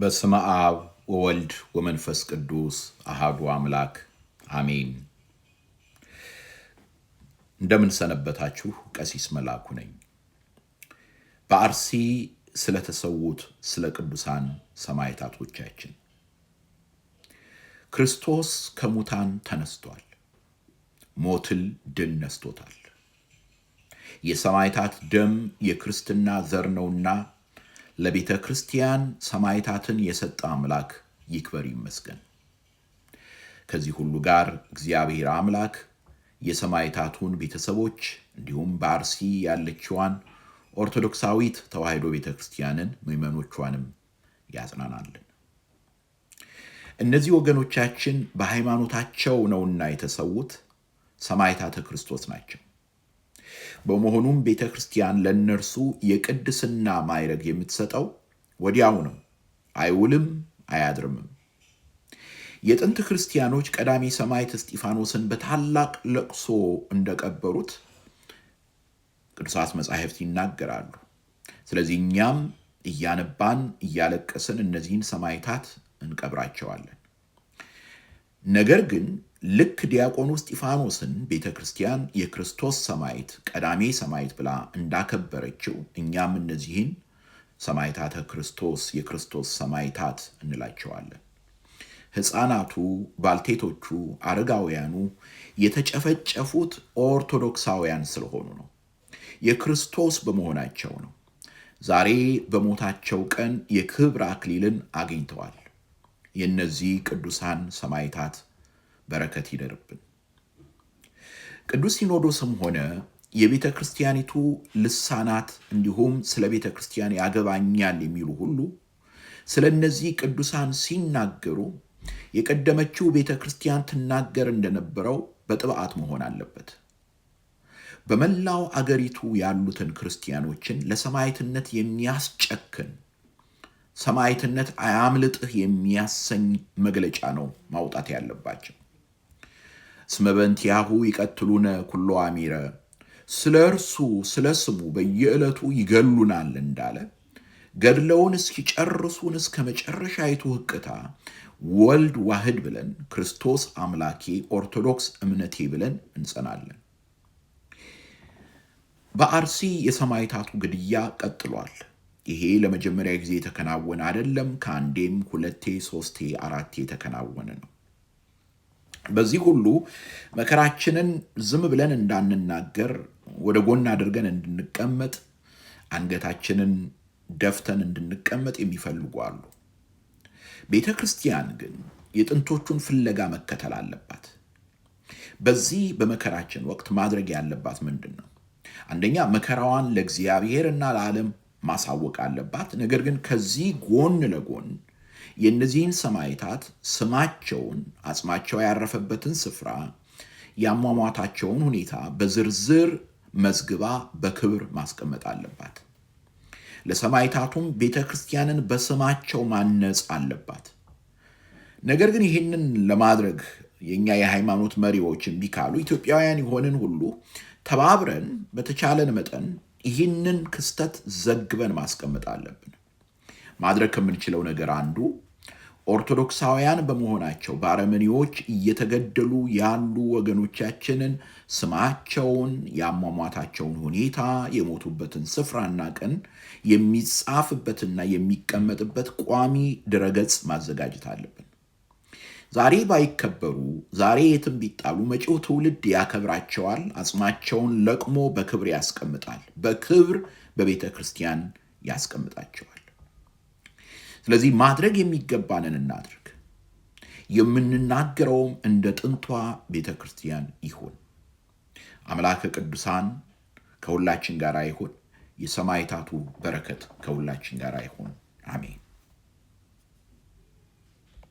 በስመ አብ ወወልድ ወመንፈስ ቅዱስ አሃዱ አምላክ አሜን። እንደምን ሰነበታችሁ? ቀሲስ መላኩ ነኝ። በአርሲ ስለተሰዉት ስለ ቅዱሳን ሰማዕታቶቻችን ክርስቶስ ከሙታን ተነስቷል። ሞትል ድል ነስቶታል። የሰማዕታት ደም የክርስትና ዘር ነውና ለቤተ ክርስቲያን ሰማዕታትን የሰጠ አምላክ ይክበር ይመስገን። ከዚህ ሁሉ ጋር እግዚአብሔር አምላክ የሰማዕታቱን ቤተሰቦች እንዲሁም በአርሲ ያለችዋን ኦርቶዶክሳዊት ተዋሕዶ ቤተ ክርስቲያንን ምዕመኖቿንም ያጽናናልን። እነዚህ ወገኖቻችን በሃይማኖታቸው ነውና የተሰዉት ሰማዕታተ ክርስቶስ ናቸው። በመሆኑም ቤተ ክርስቲያን ለእነርሱ የቅድስና ማይረግ የምትሰጠው ወዲያው ነው። አይውልም አያድርምም። የጥንት ክርስቲያኖች ቀዳሚ ሰማዕት እስጢፋኖስን በታላቅ ለቅሶ እንደቀበሩት ቅዱሳት መጻሕፍት ይናገራሉ። ስለዚህ እኛም እያነባን እያለቀስን እነዚህን ሰማዕታት እንቀብራቸዋለን። ነገር ግን ልክ ዲያቆኑ እስጢፋኖስን ቤተ ክርስቲያን የክርስቶስ ሰማይት ቀዳሜ ሰማይት ብላ እንዳከበረችው እኛም እነዚህን ሰማይታተ ክርስቶስ የክርስቶስ ሰማይታት እንላቸዋለን። ሕፃናቱ፣ ባልቴቶቹ፣ አረጋውያኑ የተጨፈጨፉት ኦርቶዶክሳውያን ስለሆኑ ነው። የክርስቶስ በመሆናቸው ነው። ዛሬ በሞታቸው ቀን የክብር አክሊልን አግኝተዋል። የእነዚህ ቅዱሳን ሰማይታት በረከት ይደርብን። ቅዱስ ሲኖዶስም ሆነ የቤተ ክርስቲያኒቱ ልሳናት እንዲሁም ስለ ቤተ ክርስቲያን ያገባኛል የሚሉ ሁሉ ስለ እነዚህ ቅዱሳን ሲናገሩ የቀደመችው ቤተ ክርስቲያን ትናገር እንደነበረው በጥብዓት መሆን አለበት። በመላው አገሪቱ ያሉትን ክርስቲያኖችን ለሰማዕትነት የሚያስጨክን ሰማዕትነት አያምልጥህ የሚያሰኝ መግለጫ ነው ማውጣት ያለባቸው። ስመበንቲያሁ ይቀትሉነ ኩሎ አሚረ ስለ እርሱ ስለ ስሙ በየዕለቱ ይገሉናል እንዳለ ገድለውን እስኪጨርሱን እስከ መጨረሻይቱ ህቅታ ወልድ ዋህድ ብለን ክርስቶስ አምላኬ ኦርቶዶክስ እምነቴ ብለን እንጸናለን። በአርሲ የሰማዕታቱ ግድያ ቀጥሏል። ይሄ ለመጀመሪያ ጊዜ የተከናወነ አይደለም። ከአንዴም ሁለቴ ሶስቴ አራቴ የተከናወነ ነው። በዚህ ሁሉ መከራችንን ዝም ብለን እንዳንናገር ወደ ጎን አድርገን እንድንቀመጥ አንገታችንን ደፍተን እንድንቀመጥ የሚፈልጉ አሉ። ቤተ ክርስቲያን ግን የጥንቶቹን ፍለጋ መከተል አለባት። በዚህ በመከራችን ወቅት ማድረግ ያለባት ምንድን ነው? አንደኛ መከራዋን ለእግዚአብሔርና ለዓለም ማሳወቅ አለባት። ነገር ግን ከዚህ ጎን ለጎን የእነዚህን ሰማይታት ስማቸውን፣ አጽማቸው ያረፈበትን ስፍራ፣ ያሟሟታቸውን ሁኔታ በዝርዝር መዝግባ በክብር ማስቀመጥ አለባት። ለሰማይታቱም ቤተ ክርስቲያንን በስማቸው ማነጽ አለባት። ነገር ግን ይህንን ለማድረግ የእኛ የሃይማኖት መሪዎች እምቢ ካሉ ኢትዮጵያውያን የሆንን ሁሉ ተባብረን በተቻለን መጠን ይህንን ክስተት ዘግበን ማስቀመጥ አለብን። ማድረግ ከምንችለው ነገር አንዱ ኦርቶዶክሳውያን በመሆናቸው በአረመኔዎች እየተገደሉ ያሉ ወገኖቻችንን ስማቸውን፣ የአሟሟታቸውን ሁኔታ፣ የሞቱበትን ስፍራና ቀን የሚጻፍበትና የሚቀመጥበት ቋሚ ድረገጽ ማዘጋጀት አለብን። ዛሬ ባይከበሩ፣ ዛሬ የትም ቢጣሉ መጪው ትውልድ ያከብራቸዋል፣ አጽማቸውን ለቅሞ በክብር ያስቀምጣል፣ በክብር በቤተ ክርስቲያን ያስቀምጣቸዋል። ስለዚህ ማድረግ የሚገባንን እናድርግ። የምንናገረውም እንደ ጥንቷ ቤተ ክርስቲያን ይሁን። አምላከ ቅዱሳን ከሁላችን ጋር ይሁን። የሰማዕታቱ በረከት ከሁላችን ጋር ይሁን። አሜን።